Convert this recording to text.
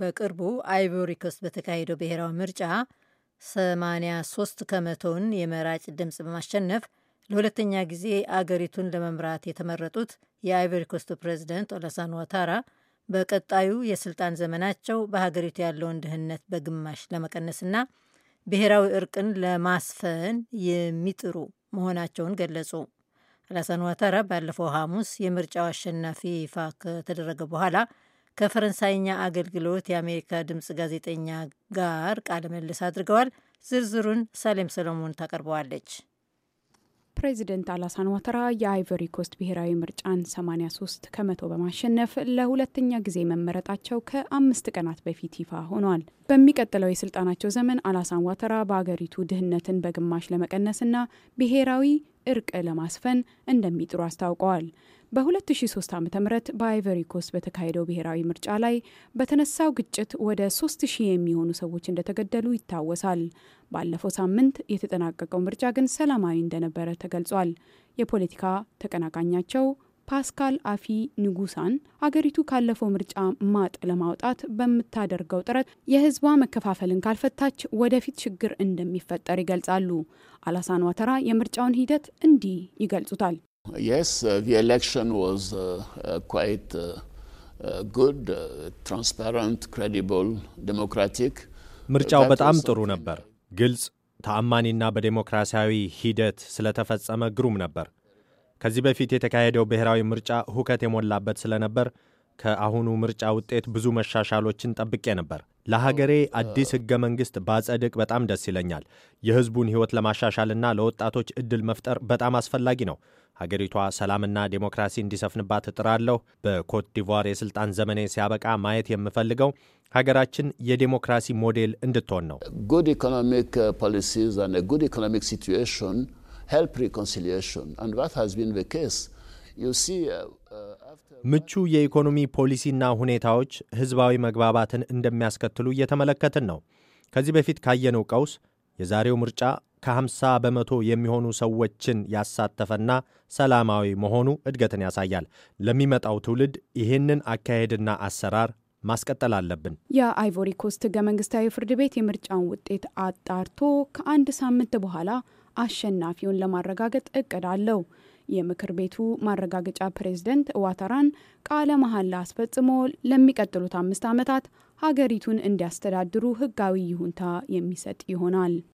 በቅርቡ አይቮሪኮስ በተካሄደው ብሔራዊ ምርጫ 83 ከመቶውን የመራጭ ድምፅ በማሸነፍ ለሁለተኛ ጊዜ አገሪቱን ለመምራት የተመረጡት የአይቮሪ ፕሬዚደንት ኦላሳን ዋታራ በቀጣዩ የስልጣን ዘመናቸው በሀገሪቱ ያለውን ድህነት በግማሽ ለመቀነስና ብሔራዊ እርቅን ለማስፈን የሚጥሩ መሆናቸውን ገለጹ። አላሳን ዋታራ ባለፈው ሐሙስ የምርጫው አሸናፊ ይፋ ከተደረገ በኋላ ከፈረንሳይኛ አገልግሎት የአሜሪካ ድምፅ ጋዜጠኛ ጋር ቃለ መልስ አድርገዋል። ዝርዝሩን ሳሌም ሰለሞን ታቀርበዋለች። ፕሬዚደንት አላሳን ዋተራ የአይቨሪ ኮስት ብሔራዊ ምርጫን 83 ከመቶ በማሸነፍ ለሁለተኛ ጊዜ መመረጣቸው ከአምስት ቀናት በፊት ይፋ ሆኗል። በሚቀጥለው የስልጣናቸው ዘመን አላሳን ዋተራ በአገሪቱ ድህነትን በግማሽ ለመቀነስና ብሔራዊ እርቅ ለማስፈን እንደሚጥሩ አስታውቀዋል። በ2003 ዓ ም በአይቨሪ ኮስት በተካሄደው ብሔራዊ ምርጫ ላይ በተነሳው ግጭት ወደ 3000 የሚሆኑ ሰዎች እንደተገደሉ ይታወሳል። ባለፈው ሳምንት የተጠናቀቀው ምርጫ ግን ሰላማዊ እንደነበረ ተገልጿል። የፖለቲካ ተቀናቃኛቸው ፓስካል አፊ ንጉሳን አገሪቱ ካለፈው ምርጫ ማጥ ለማውጣት በምታደርገው ጥረት የህዝቧ መከፋፈልን ካልፈታች ወደፊት ችግር እንደሚፈጠር ይገልጻሉ። አላሳን ዋተራ የምርጫውን ሂደት እንዲህ ይገልጹታል። Yes, uh, the election was uh, uh, quite good, transparent, credible, democratic. ምርጫው በጣም ጥሩ ነበር። ግልጽ፣ ተአማኒና በዴሞክራሲያዊ ሂደት ስለተፈጸመ ግሩም ነበር። ከዚህ በፊት የተካሄደው ብሔራዊ ምርጫ ሁከት የሞላበት ስለነበር ከአሁኑ ምርጫ ውጤት ብዙ መሻሻሎችን ጠብቄ ነበር። ለሀገሬ አዲስ ሕገ መንግሥት ባጸድቅ በጣም ደስ ይለኛል። የሕዝቡን ሕይወት ለማሻሻልና ለወጣቶች ዕድል መፍጠር በጣም አስፈላጊ ነው። ሀገሪቷ ሰላምና ዴሞክራሲ እንዲሰፍንባት እጥራለሁ። በኮት ዲቯር የሥልጣን ዘመኔ ሲያበቃ ማየት የምፈልገው ሀገራችን የዴሞክራሲ ሞዴል እንድትሆን ነው። ጉድ ኢኮኖሚክ ፖሊሲስ አንድ ጉድ ኢኮኖሚክ ሲቹዌሽን ሄልፕ ሪኮንሲሊዬሽን አንድ ዛት ሃዝ ቢን ዘ ምቹ የኢኮኖሚ ፖሊሲና ሁኔታዎች ሕዝባዊ መግባባትን እንደሚያስከትሉ እየተመለከትን ነው። ከዚህ በፊት ካየነው ቀውስ የዛሬው ምርጫ ከ50 በመቶ የሚሆኑ ሰዎችን ያሳተፈና ሰላማዊ መሆኑ እድገትን ያሳያል። ለሚመጣው ትውልድ ይህንን አካሄድና አሰራር ማስቀጠል አለብን። የአይቮሪ ኮስት ሕገ መንግስታዊ ፍርድ ቤት የምርጫውን ውጤት አጣርቶ ከአንድ ሳምንት በኋላ አሸናፊውን ለማረጋገጥ እቅድ አለው። የምክር ቤቱ ማረጋገጫ ፕሬዝደንት ዋታራን ቃለ መሐላ አስፈጽሞ ለሚቀጥሉት አምስት ዓመታት ሀገሪቱን እንዲያስተዳድሩ ህጋዊ ይሁንታ የሚሰጥ ይሆናል።